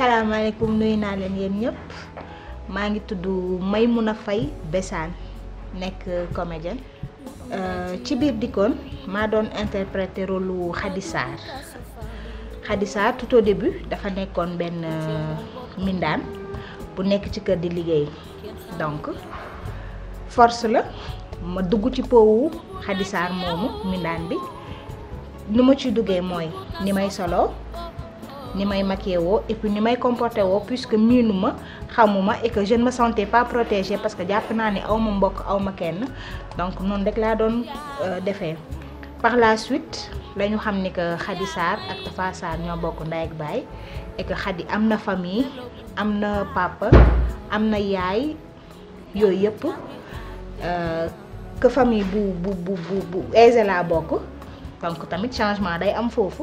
salaamaaleykum nuyu naa leen yéen ñëpp maa ngi tudd Maimouna Faye Bessane nekk comédienne euh, ci biir Dikoon maa doon interpréter rôle lu Khady tout au début dafa nekkoon benn euh, mindaan bu nekk ci kër di liggéey donc force la ma dugg ci powu Khady moomu bi nu ma ci duggee mooy ni may solo ni may maquillé woo et puis ni may comporté woo puisque miinu ma xamuma et que je ne me sentais pas protégée parce que jàpp naa ne aw ma mbokk kenn donc non rek laa doon euh, défé par la suite lañu ñu xam ni que Khady ak Tafa ño ñoo bokk ndey ak bay et que khadi amna famille amna papa amna na yaay yooyu euh que famille bu bu bu bu aisé la bokk donc tamit changement day am fofu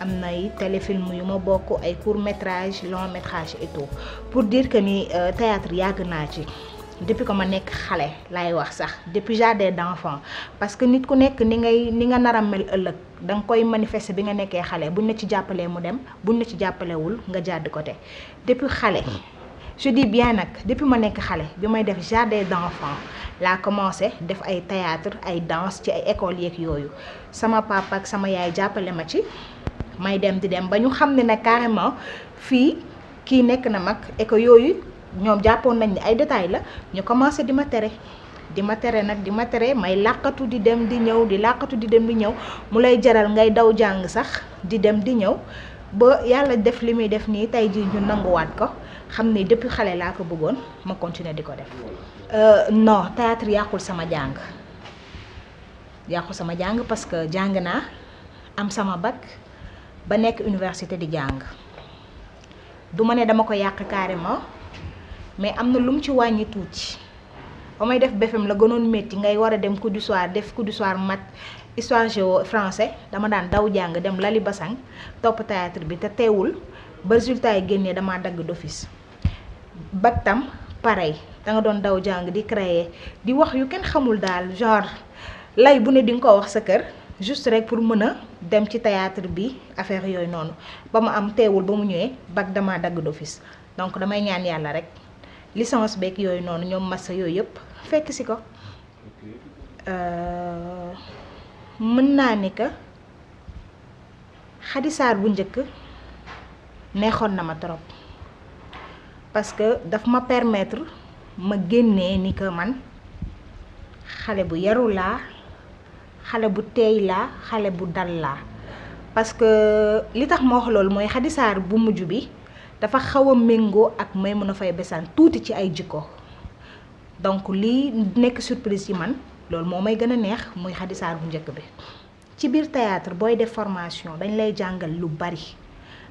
am nay téléfilm yu ma bokk ay court métrage long métrage et tout pour diir que ni euh, théâtre yàgg naa ci depuis ko ma nekk xale laay wax sax depuis jardin d'enfant parce que nit ku nekk ni ngay ni nga nar a mel ëllëg danga nga koy manifester bi nga nekkee xale buñ la ci jàppalee mu dem buñ la ci jàppalewul nga jàdd ko côté depuis xale je dis bien nag depuis ma nekk xale bi may def jardin d'enfant laa commencé def ay théâtre ay danse ci ay écoles yeeg yooyu sama papa ak sama yaay jàppale ma ci may dem di dem ba ñu xam ne ne carrément fii kii nekk na mag et yooyu ñoom jàppoon nañ ne ay détails la ñu commencé di ma tere di ma tere nag di ma tere may làqatu di dem di ñëw di làqatu di dem di ñëw mu lay jaral ngay daw jàng sax di dem di ñëw ba yàlla def li muy def nii tey jii ñu nanguwaat ko xam ni depuis xale laa ko bëggoon ma continuer di ko def euh, non théâtre yàqul sama jàng yàqul sama jàng parce que jàng naa am sama bag ba nek université di jang du ma ne dama ko yàq carrément mais amna lum ci wañi tuuti ba def BFEM la gënon metti ngay wara dem cours du soir def cours du soir mat histoire géo français dama dan daw jang dem Lali Bassang top théâtre bi te téwul ba résultat yi génnee dama dagg d'office bac tam pareil da nga don daw jang di créer di wax yu kenn xamul dal genre lay bu ne di ko wax sa kër juste rek pour mën dem ci théâtre bi affaire yoy noonu ba am téwul bamu mu ñëwee bac damaa d'office donc damay ñaan yalla rek licence bek yoy noonu ñom massa yoy yëpp fekk ci ko euh, mën naa ni ka hadisar Sarr bu njëkk neexoon na ma trop parce que daf ma permettre ma génné ni que man xalé bu yarou laa xale bu teey laa xale bu dal laa parce que li tax ma wax loolu mooy xadisaar bu mujj bi dafa xaw a méngoo ak a Faye Bessan tuuti ci ay jikko donc lii nekk surprise ci man loolu moo may gën a neex muy xadisaar bu njëkk bi ci biir théâtre booy def formation dañ lay jàngal lu bari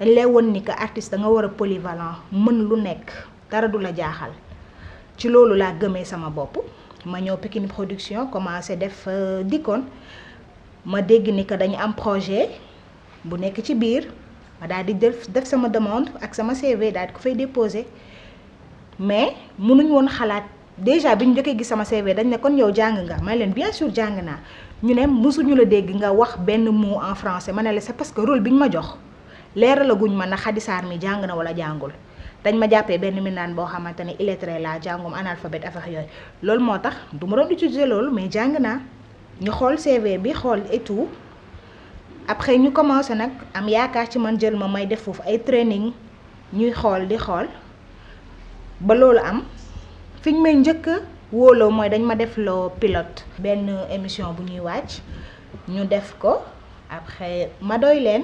dañ lay won ni que artiste da war a polyvalent mën lu nekk dara du la jaaxal ci loolu laa gëmee sama bopp ma ñëw production commencé def euh, dikkoon ma dégg ni que dañu am projet bu nekk ci biir ma daal di def def sama demande ak sama CV daal di ko fay déposer mais mënuñ won xalaat déjà biñu ñu gis sama CV dañ ne kon yow jàng nga ma ne leen bien sûr jàng naa ñu ne mosuñu la dégg nga wax benn mot en français ma ne la c'est parce que rôle biñ ma jox leeralaguñ ma na Khady Sarr mi jàng na wala jàngul. dañ ma jàppee benn mindaan boo xamante ne illettré la jàngum analphabète affaire yooyu loolu moo tax du ma doon utiliser jëloolu mais jàng naa ñu xool CV bi xool et après ñu commencé nag am yaakaar ci man jël ma may def foofu ay training ñuy xool di xool ba loolu am fi may njëkk wóoloo mooy dañ ma def loo pilote benn émission bu ñuy wàcc ñu def ko après ma doy leen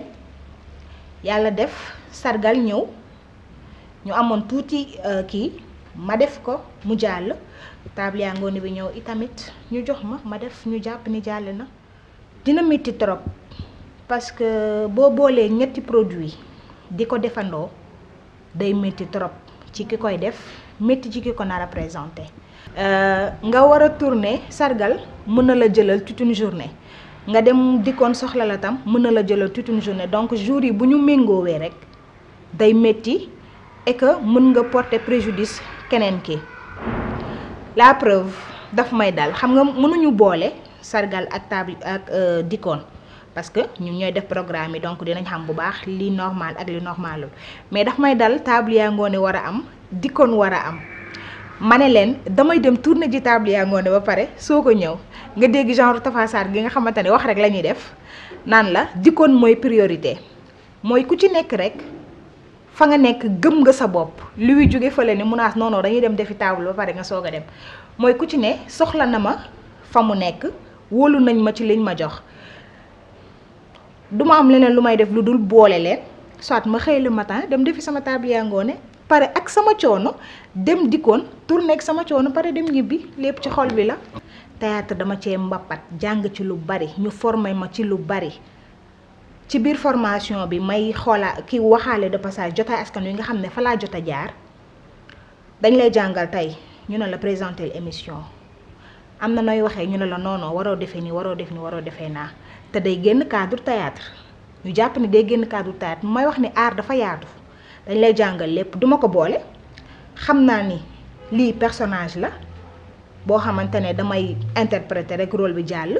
yàlla def sargal ñëw ñu amoon tuuti euh, kii ma def ko mu jàll table yaa ngoone bi ñëw itamit ñu jox ma ma def ñu jàpp ni jàll na dina métti trop parce que boo boolee ñetti produit di ko defandoo day métti trop ci ki koy def métti ci ki ko nar a présenté euh, nga war a tourner sargal mën na la jëlal toute une journée nga dem dikkoon soxla la tam mën na la jëlal toute une journée donc jour yi bu ñu méngoowee rek day métti et que mën nga porter préjudice kenen ki la preuve daf may dal xam nga mënuñu bolé sargal ak table ak euh, dikon parce que ñun ñoy def programme yi donc dinañ xam bu baax li normal ak li normal mais daf may dal table ya ngone wara am dikon wara am mané len damay dem tourner ji table ya ngone ba paré soko ñew nga dégg genre tafaasaar gi nga xamantani wax rek lañuy def nan la dikon moy priorité moy ku ci nekk rek. fa nga nekk gëm nga sa bopp luy jóge fa fële ni munaas noonu dañuy dem defi table ba pare nga soog a dem mooy ku ci ne soxla na ma fa mu nekk wóolu nañ ma ci liñ ma jox duma am leneen lu may def lu dul boole leen soit ma xëy le matin dem defi sama table ngoone pare ak sama coono dem dikkoon tourné ak sama coono pare dem ñibbi lépp ci xol bi la. théâtre dama cee mbappat jàng ci lu bari ñu forme ma ci lu bari. ci biir formation bi may xoola ki waxaale de passage jotaay askan wi nga xam ne falaa jot a jaar dañ lay jàngal tey ñu ne la présenter émission am na nooy waxee ñu ne la noonoo waroo defee nii waroo def nii waroo defee naa te day génn cadre théâtre ñu jàpp ni day génn cadre théâtre may wax ni aar dafa yaatu dañ lay jàngal lépp duma ko boole xam naa ni lii personnage la boo xamante ne damay interpréter rek role bi jàll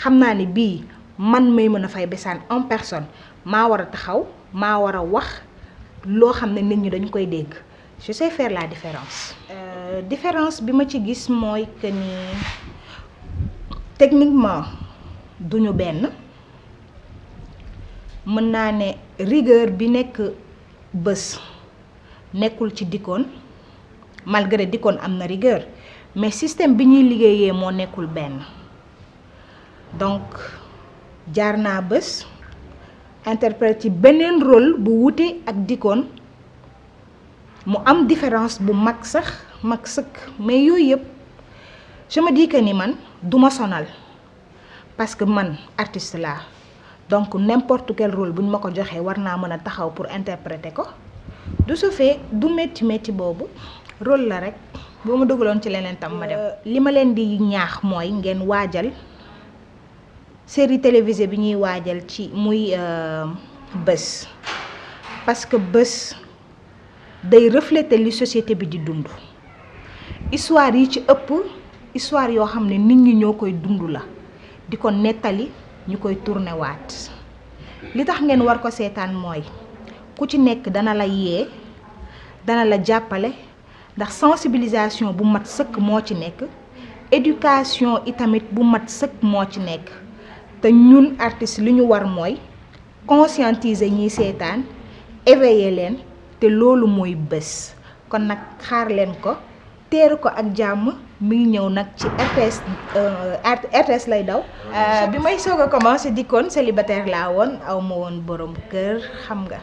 xam naa ni bii man may mën Maimouna Faye Bessane en personne maa war a taxaw maa war a wax loo xam ne nit ñi dañ koy dégg je sais faire la différence. Euh, différence bi ma ci gis mooy que ni techniquement duñu benn mën naa ne rigueur bi nekk bés nekkul ci dikkoon malgré dikkoon am na rigueur mais système bi ñuy liggéeyee moo nekkul benn donc. jaar na bes interprète ci benen rôle bu wuté ak dikon mu am différence bu mak sax mak sëkk mais yoy yëpp je me dis que ni man duma sonal parce que man artiste la donc n'importe quel rôle buñ ma joxé warna mëna taxaw pour interpréter ko du ce fait du metti metti bobu rôle la rek boo ma ci leneen tam ma dem euh, li ma di ñaax moy ngeen série télévision bi ñuy waajal ci muy euh, bés parce que bés day refléter li société bi di dund histoire yi ci ëpp histoire yoo xam ne nit ñi ñoo koy dund la di ko nettali ñu koy tourné waat li tax ngeen war ko seetaan mooy ku ci nekk dana la yee dana la jàppale ndax sensibilisation bu mat sëkk moo ci nekk éducation itamit bu mat sëkk moo ci nekk te ñun artistes li ñu war mooy conscientiser ñiy seetaan éveiller leen te loolu mooy bés kon nag xaar leen ko teeru ko ak jàmm mi ngi ñëw nag ci RTS euh, RTS lay daw euh, bi may soog a commencé dikkoon célibataire laa woon aw ma woon borom kër xam nga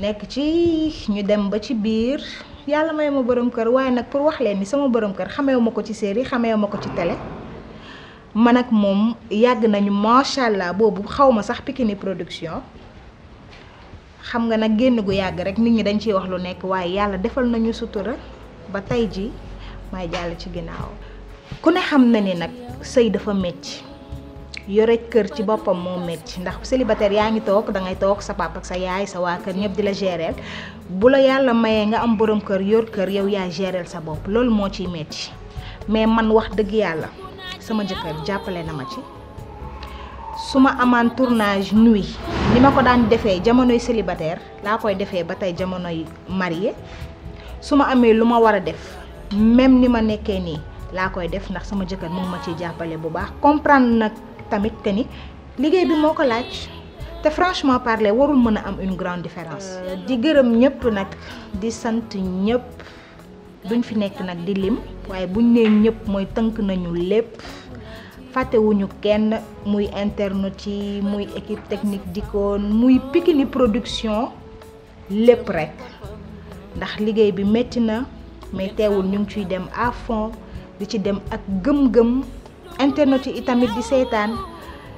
nekk ci ñu dem ba ci biir yàlla may ma borom kër waaye nag pour wax leen ni sama borom kër xameewu ma ko ci série xameewu ma ko ci tele man ak moom yàgg nañu macha allah boobu xaw ma sax Pikini production xam nga nag génn gu yàgg rek nit ñi dañ ciy wax lu nekk waaye yàlla defal nañu sutura ba tey ji may jàll ci ginnaaw. ku ne xam na ni nag sëy dafa métti yore kër ci boppam moo métti ndax célibataire yaa ngi toog da ngay toog sa papa sa yaay sa waa kër ñëpp di la gereel bu la yàlla mayee nga am borom kër yor kër yow yaa gérer sa bopp loolu moo ciy métti mais man wax dëgg yàlla. sama jëkkër jàppale na ma ci suma amane tournage nuit nima ko daan defee jamonoy célibataire la koy defee batay tey marié suma amé luma wara def même nima ma ni la koy def ndax sama jëkkër mu ma ci jàppale bu baax comprendre nak tamit que ni liggéey bi moko ko laaj te franchement parler warul mën am une grande différence. di gëreum ñëpp nak di sant ñëpp duñ fi nekk nak di lim. waaye buñ nee ñëpp mooy tënk nañu lépp fàttewuñu kenn muy internet yi muy équipe technique dikkoon muy Pikini production lépp rekk ndax liggéey bi métti na mais teewul ñu ngi ciy dem à fond di ci dem ak gëm-gëm internet yi itamit di seetaan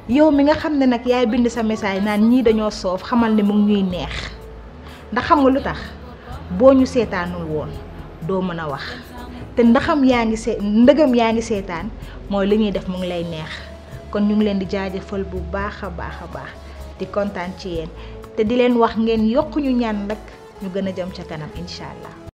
yow mi nga xam ne nag yaay bind sa message naan ñii dañoo soof xamal ne mu ngi ñuy neex ndax xam nga lu tax boo ñu seetaanul woon doo mën a wax te ndaxam yaa ngi see ndëgam yaa ngi seetaan mooy li ñuy def mu ngi lay neex kon ñu ngi leen di jaajëfal bu baax a baax a baax di kontaan ci yéen te di leen wax ngeen yokk ñu ñaan nag ñu gën a jëm ca kanam incha allah.